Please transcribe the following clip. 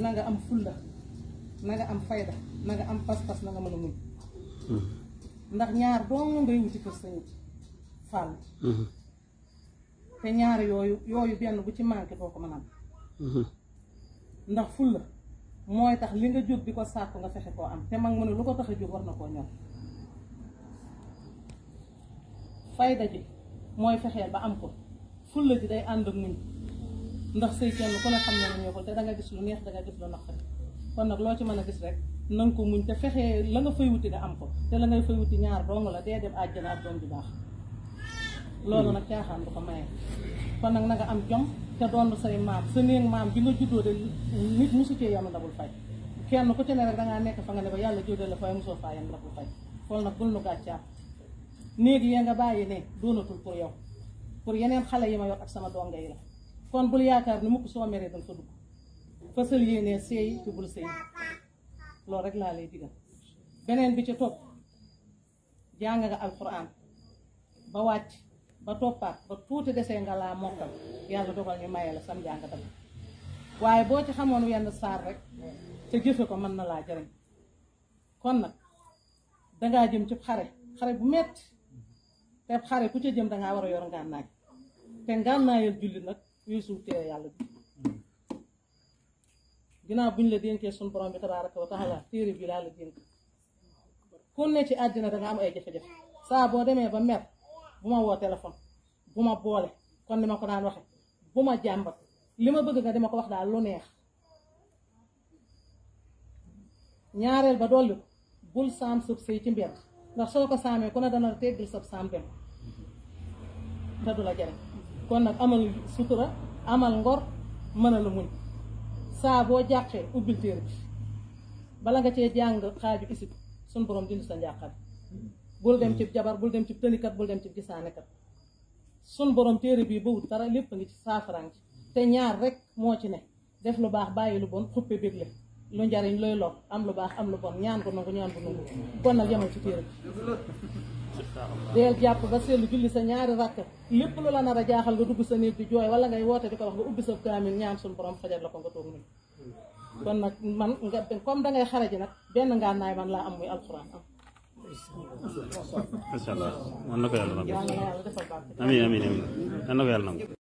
nanga am fulla na nga am fayda na nga am pas-pas na nga mën a muñ hmm. ndax ñaar doomu ngay wuti kër sëñ Fall hmm. te ñaar yooyu yooyu benn bu ci manqué doo ko mën a am hmm. ndax fulla mooy tax li nga jóg di ko sàkku nga fexe koo am te mag mu ne lu ko tax a jóg war na koo ñor fayda ji mooy fexeel ba am ko fulla ji day ànd ak muñ ndax sëy kenn ku ne xam ne la neexul te danga gis lu neex danga gis lu naqari kon nag loo ci mën a gis rek nanga ko muñ te fexee la nga fay wuti nga am ko te la ngay ñaar dong la dee dem àjjana ak doom ju baax loolu ko maye kon nag nga am jom te doon say maam sa néeg maam bi nga juddoo de nit musu cee yam ndabul fay kenn ku ci ne rek dangaa nekk fa nga ne ba yàlla jóodee la fay musoo faa yam ndabul fay kon nag bul nu gàccaam néeg yee nga bàyyi ne doonatul pour yow pour yeneen xale yi ma yor ak sama donga yi la kon bul yaakaar ni mukk soo meree danga ko dugg fasal yéenee seey te bul seey loolu rek laa lay digal beneen bi ci topp jàng nga alquran ba wàcc ba toppaat ba tuuti desee nga laa mokkal yàlla dogal ñu maye la sam jàng tam waaye boo ci xamoon wenn saar rek te jëfe ko mën na laa jëriñ kon nag dangaa jëm ci xare xare bu metti te xare ku ca jëm dangaa war a yor ngànnaay te ngànnaayal julli nag fii suuf tee yàlla bi ginnaaw bu ñu la dénkee suñu borom bi tabaaraka wa taala téere bi laa la dénk ku ne ci àddina danga am ay jafe-jafe saa boo demee ba mer bu ma woo téléphone bu ma boole kon ni ma ko daan waxe bu ma jàmbat li ma bëgg nga dama ko wax daal lu neex ñaareel ba dolli ko bul saam sëb sëy ci mbir ndax soo ko saamee ku ne dana teggil sab saam dem te du la jariñ kon nag amal sutura amal ngor mën a la muñ saa boo jàqee ubbil téere bi bala nga cee jàng xaaju isib sun borom dindi sa njàqare bul dem ci jabar bul dem ci tënikat bul dem ci gisaanekat sun borom téere bii ba wut dara lépp a ngi ci saafaraang ci te ñaar rek moo ci ne def lu baax bàyyi lu bon xuppe bégle lu njariñ looy lor am lu baax am lu bon ñaan ko nangu ñaan ko nangu kon nag yemal ci téere bi deel jàpp ba seetlu julli sa ñaari rakk lépp lu la nar a jaaxal nga dugg sa néeg di jooy wala ngay woote di ko wax nga ubbi sa kaamil ñaan suñu borom fajal la ko nga toog nii kon nag man nga comme dangay xaraji nag benn ngaa naay man laa am muy alxuraan am macha allah man na ko yàlla nangu amiin amiin amiin man na ko yàlla nangu